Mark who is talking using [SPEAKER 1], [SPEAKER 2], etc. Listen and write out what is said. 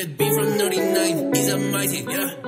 [SPEAKER 1] could be from 99. He's amazing, yeah.